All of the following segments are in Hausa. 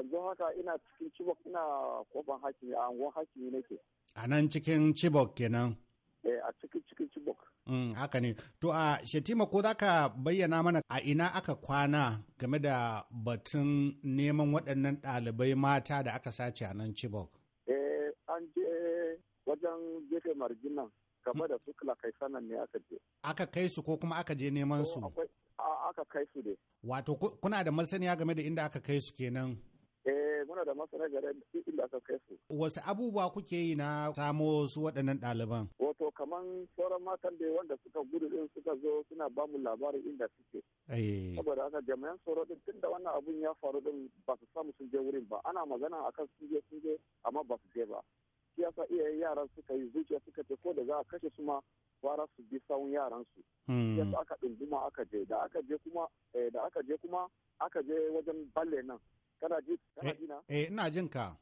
yanzu haka ina cikin Chibok ina kofan hakimi a angon hakimi nake. A nan cikin Chibok kenan. Eh a cikin cikin Chibok. Mm, haka ne. To a Shetima ko za ka bayyana mana a ina aka kwana game da batun neman waɗannan ɗalibai mata da aka sace a nan Chibok? Eh an je wajen gefe marginan game da su kai sanan ne aka je. Aka kai su ko kuma aka je neman su? Aka kai su ne. Wato kuna da masaniya game da inda aka kai su kenan? muna da masana gare inda aka kai su. Wasu abubuwa kuke yi na samo su waɗannan ɗaliban? Wato kaman sauran matan da wanda suka gudu din suka zo suna ba mu labarin inda suke. Eh. Saboda haka jami'an tsaro din tunda wannan abun ya faru ɗin ba su samu sun je wurin ba ana magana akan sun je sun je amma ba su je ba. Shi yasa iyayen yaran suka yi zuciya suka ce ko da za a kashe su ma fara su bi sawun yaran su. Hmm. Yasa aka ɗunguma aka je da aka je kuma eh, da aka je kuma aka je wajen balle nan kana ji kana eh, ji na eh ina jin ka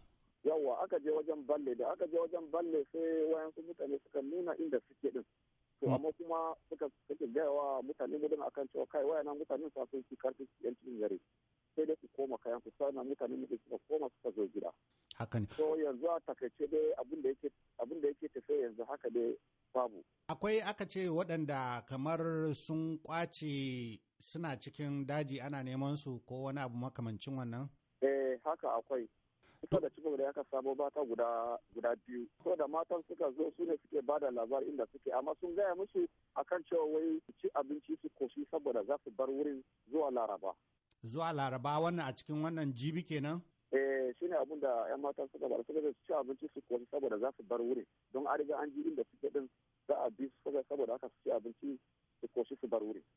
yawa aka je wajen balle da aka je wajen balle sai su mutane suka nuna inda suke din to hmm. amma kuma suka suke gaya wa mutane gudun akan cewa kai wayanan mutane sa sun fi karfi yan cikin yare sai dai su koma kayan su na mutane muke suka koma suka zo gida haka ne to yanzu a takaice dai abin da yake abin da yake tafe yanzu haka dai babu akwai aka ce waɗanda kamar sun kwace suna cikin daji ana neman su ko wani abu makamancin wannan haka akwai ita da cikin da aka samo mata guda biyu ko da matan suka zo su ne suke ba da labari inda suke amma sun gaya musu akan cewa wai su ci abinci su koshi saboda za su bar wurin zuwa laraba zuwa laraba wannan a cikin wannan jibi kenan eh ne abin da yan matan suka bar suka ci abinci su koshi saboda za su bar wurin don an riga an ji inda suke din za a bi su saboda haka su ci abinci su koshi su bar wurin